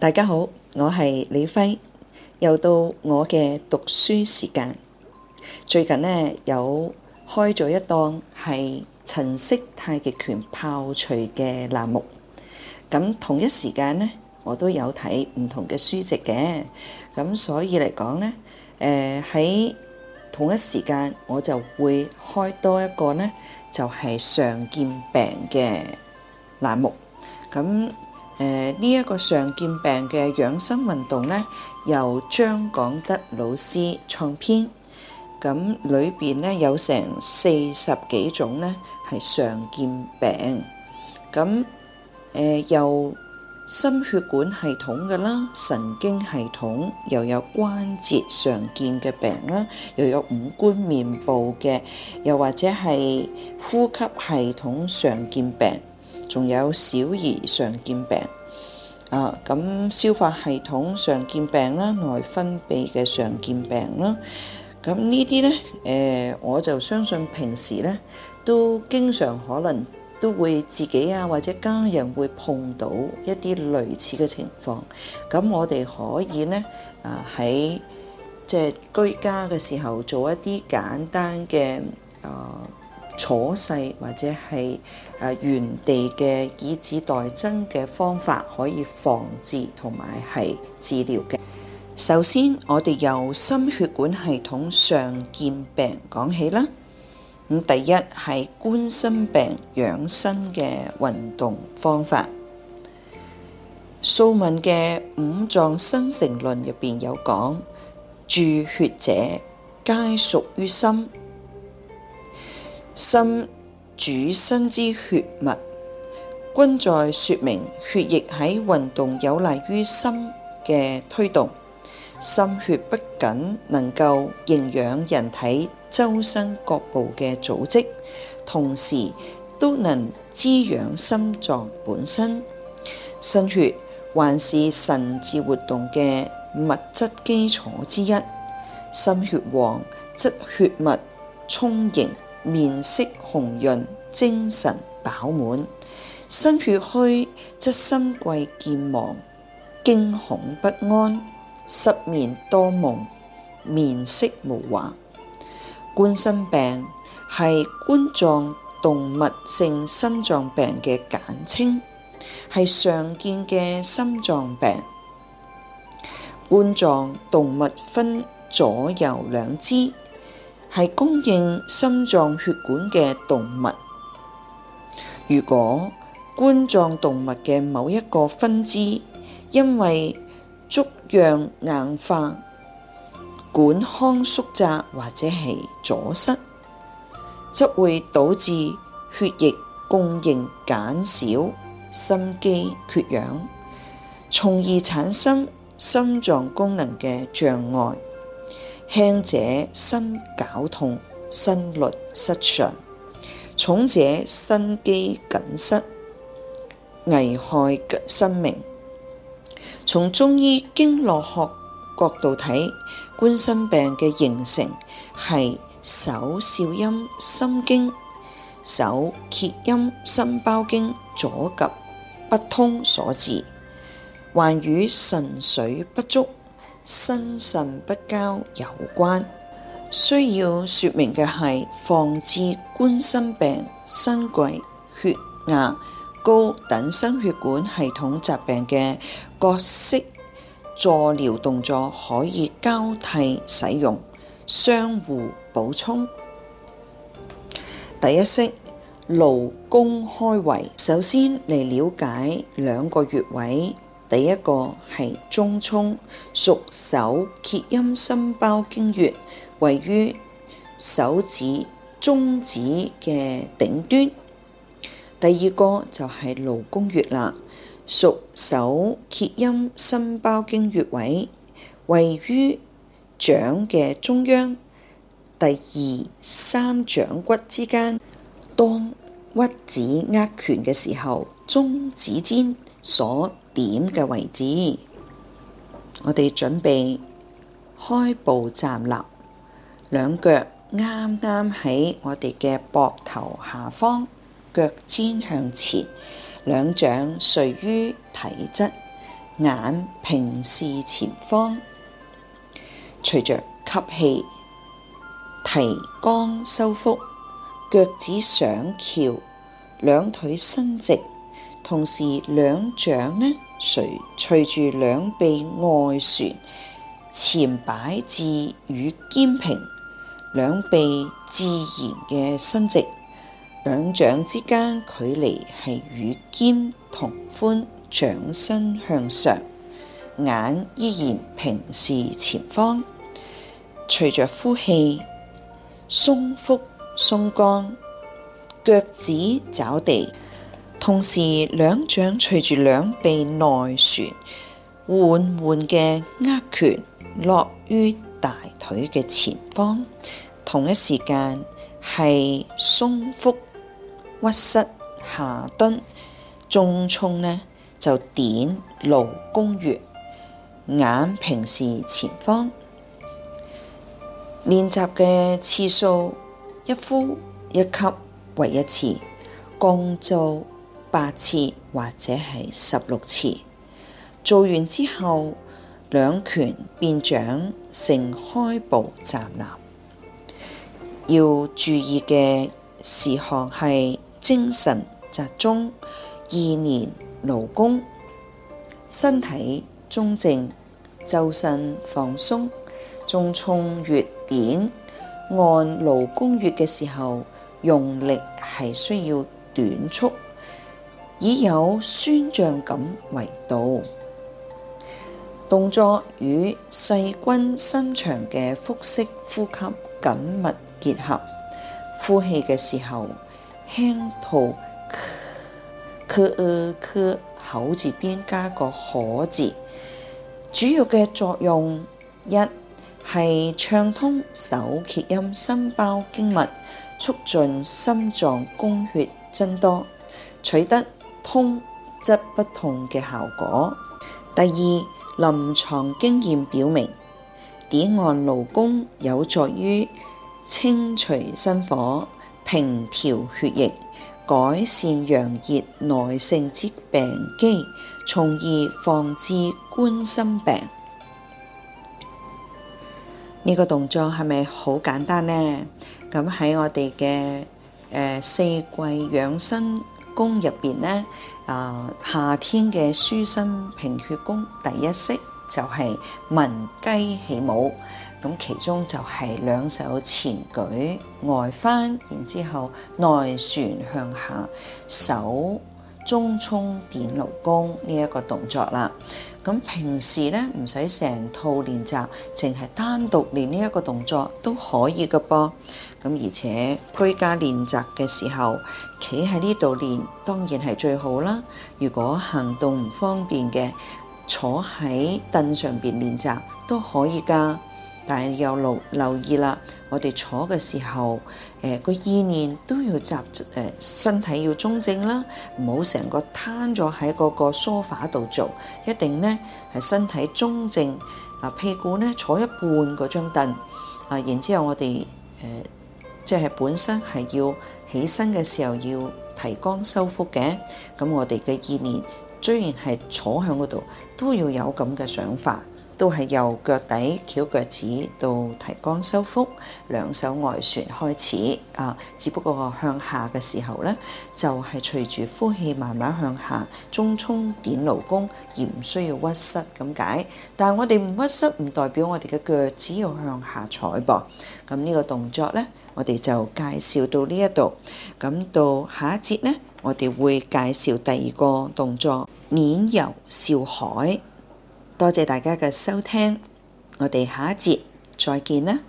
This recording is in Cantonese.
大家好，我係李輝，又到我嘅讀書時間。最近咧有開咗一檔係陳式太極拳炮捶嘅欄目。咁同一時間咧，我都有睇唔同嘅書籍嘅。咁所以嚟講咧，誒喺同一時間我就會開多一個咧，就係常見病嘅欄目。咁。誒，呢一個常見病嘅養生運動呢，由張廣德老師創編，咁裏邊呢有成四十幾種呢係常見病，咁誒又心血管系統噶啦，神經系統又有關節常見嘅病啦，又有五官面部嘅，又或者係呼吸系統常見病，仲有小兒常見病。啊，咁消化系統常見病啦，內分泌嘅常見病啦，咁呢啲咧，誒、呃，我就相信平時咧都經常可能都會自己啊或者家人會碰到一啲類似嘅情況，咁我哋可以咧啊喺即係居家嘅時候做一啲簡單嘅啊。坐勢或者係誒，原地嘅以指代針嘅方法，可以防治同埋係治療嘅。首先，我哋由心血管系統常見病講起啦。咁第一係冠心病養生嘅運動方法素。素問嘅五臟生成論入邊有講，諸血者皆屬於心。心主身之血脈，均在說明血液喺運動，有賴於心嘅推動。心血不僅能夠營養人體周身各部嘅組織，同時都能滋養心臟本身。心血還是神志活動嘅物質基礎之一。心血旺，則血脈充盈。面色紅潤，精神飽滿；心血虛，則心悸健忘、驚恐不安、失眠多夢、面色無華。冠心病係冠狀動脈性心臟病嘅簡稱，係常見嘅心臟病。冠狀動脈分左右兩支。係供應心臟血管嘅動脈。如果冠狀動脈嘅某一個分支因為粥樣硬化、管腔縮窄或者係阻塞，則會導致血液供應減少，心肌缺氧，從而產生心臟功能嘅障礙。輕者心絞痛、心律失常；重者心肌梗塞，危害生命。從中醫經絡學，學角度睇，冠心病嘅形成係手少陰心經、手厥陰心包經阻隔不通所致，還與腎水不足。心腎不交有關，需要說明嘅係防治冠心病、心悸、血壓高等心血管系統疾病嘅各式助療動作可以交替使用，相互補充。第一式勞宮開闈，首先嚟了解兩個穴位。第一個係中衝，屬手厥陰心包經穴，位於手指中指嘅頂端。第二個就係勞宮穴啦，屬手厥陰心包經穴位，位於掌嘅中央第二三掌骨之間。當屈指握拳嘅時候，中指尖所點嘅位置，我哋準備開步站立，兩腳啱啱喺我哋嘅膊頭下方，腳尖向前，兩掌垂於體側，眼平視前方。隨着吸氣，提肛收腹，腳趾上翹，兩腿伸直。同時，兩掌呢隨隨住兩臂外旋前擺至與肩平，兩臂自然嘅伸直，兩掌之間距離係與肩同寬，掌心向上，眼依然平視前方。隨着呼氣，鬆腹鬆肛，腳趾找地。同時，兩掌隨住兩臂內旋緩緩嘅握拳，落於大腿嘅前方。同一時間係鬆腹屈膝下蹲，中沖呢就點勞宮穴。眼平視前方。練習嘅次數一呼一吸為一次，共做八次或者係十六次，做完之後兩拳變掌，成開步站立。要注意嘅事項係精神集中，意念勞宮，身體中正，周身放鬆，中衝穴點按勞宮穴嘅時候，用力係需要短促。以有酸脹感為度，動作與細君伸長嘅腹式呼吸緊密結合。呼氣嘅時候，輕吐，呵呃呵口字邊加個可字，主要嘅作用一係暢通手厥陰心包經脈，促進心臟供血增多，取得。通則不痛嘅效果。第二，臨床經驗表明，點按勞宮有助於清除心火、平調血液、改善陽熱內盛之病機，從而防治冠心病。呢個動作係咪好簡單呢？咁喺我哋嘅、呃、四季養生。宮入邊咧，啊，夏天嘅舒心平血功第一式就係聞雞起舞，咁其中就係兩手前舉外翻，然之後內旋向下手。中衝點勞宮呢一個動作啦，咁平時咧唔使成套練習，淨係單獨練呢一個動作都可以噶噃，咁而且居家練習嘅時候，企喺呢度練當然係最好啦。如果行動唔方便嘅，坐喺凳上邊練習都可以噶。但係又留，留意啦，我哋坐嘅時候，誒個意念都要集誒、呃，身體要中正啦，唔好成個攤咗喺嗰個梳化度做，一定咧係身體中正啊，屁股咧坐一半嗰張凳啊，然之後我哋誒、呃、即係本身係要起身嘅時候要提肛收腹嘅，咁我哋嘅意念雖然係坐響嗰度，都要有咁嘅想法。都係由腳底翹腳趾到提肛收腹，兩手外旋開始啊！只不過向下嘅時候咧，就係隨住呼氣慢慢向下，中沖點勞宮而唔需要屈膝咁解。但係我哋唔屈膝唔代表我哋嘅腳趾要向下踩噃。咁呢個動作咧，我哋就介紹到呢一度。咁到下一節咧，我哋會介紹第二個動作：碾油少海。多謝大家嘅收聽，我哋下一節再見啦。